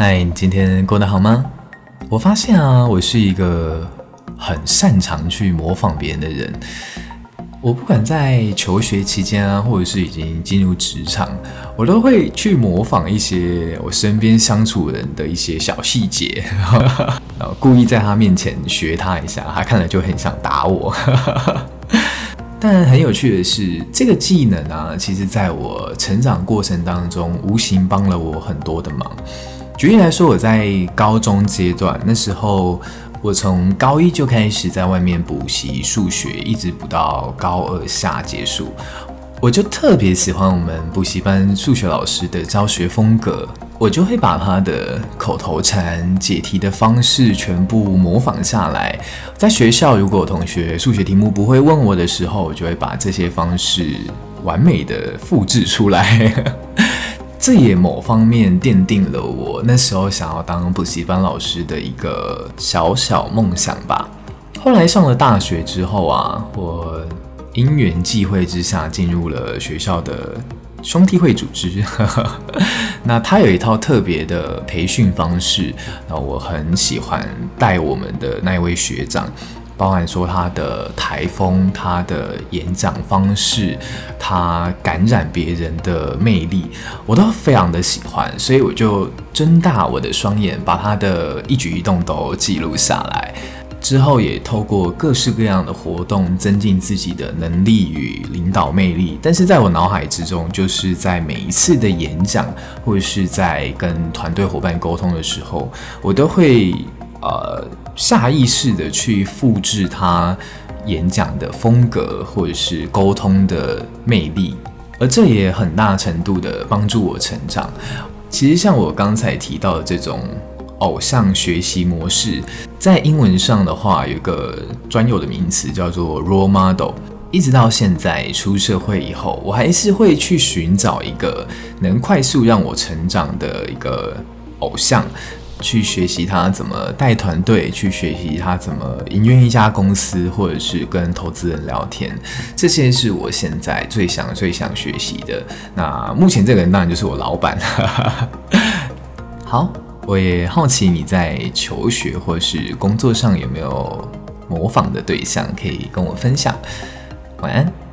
嗨，Hi，你今天過得好嗎？我發現啊，我是一個很擅長去模仿別人的人。我不管在求學期間啊，或者是已經進入職場，我都會去模仿一些我身邊相處人的一些小細節， 然後故意在他面前學他一下，他看了就很想打我。 但很有趣的是，這個技能啊，其實在我成長過程當中，無形幫了我很多的忙。舉例來說，我在高中階段，那時候我從高一就開始在外面補習數學，一直補到高二下結束。我就特別喜歡我們補習班數學老師的教學風格，我就會把他的口頭禪、解題的方式全部模仿下來。在學校，如果同學數學題目不會問我的時候，我就會把這些方式完美地複製出來。 這也某方面奠定了我那時候想要當補習班老師的一個小小夢想吧。後來上了大學之後啊，我因緣際會之下進入了學校的兄弟會組織， 那他有一套特別的培訓方式，那我很喜歡帶我們的那位學長。包含說他的台風、他的演講方式、他感染別人的魅力，我都非常的喜歡，所以我就睜大我的雙眼，把他的一舉一動都記錄下來。之後也透過各式各樣的活動，增進自己的能力與領導魅力。但是在我腦海之中，就是在每一次的演講，或者是在跟團隊夥伴溝通的時候，我都會。呃，下意識的去複製他演講的風格，或者是溝通的魅力，而這也很大程度的幫助我成長。其實像我剛才提到的這種偶像學習模式，在英文上的話，有個專有的名詞叫做 role model。一直到現在出社會以後，我還是會去尋找一個能快速讓我成長的一個偶像。去學習他怎麼帶團隊，去學習他怎麼營運一家公司，或者是跟投資人聊天，這些是我現在最想、最想學習的。那目前這個人當然就是我老闆。 好，我也好奇你在求學或是工作上有沒有模仿的對象，可以跟我分享。晚安。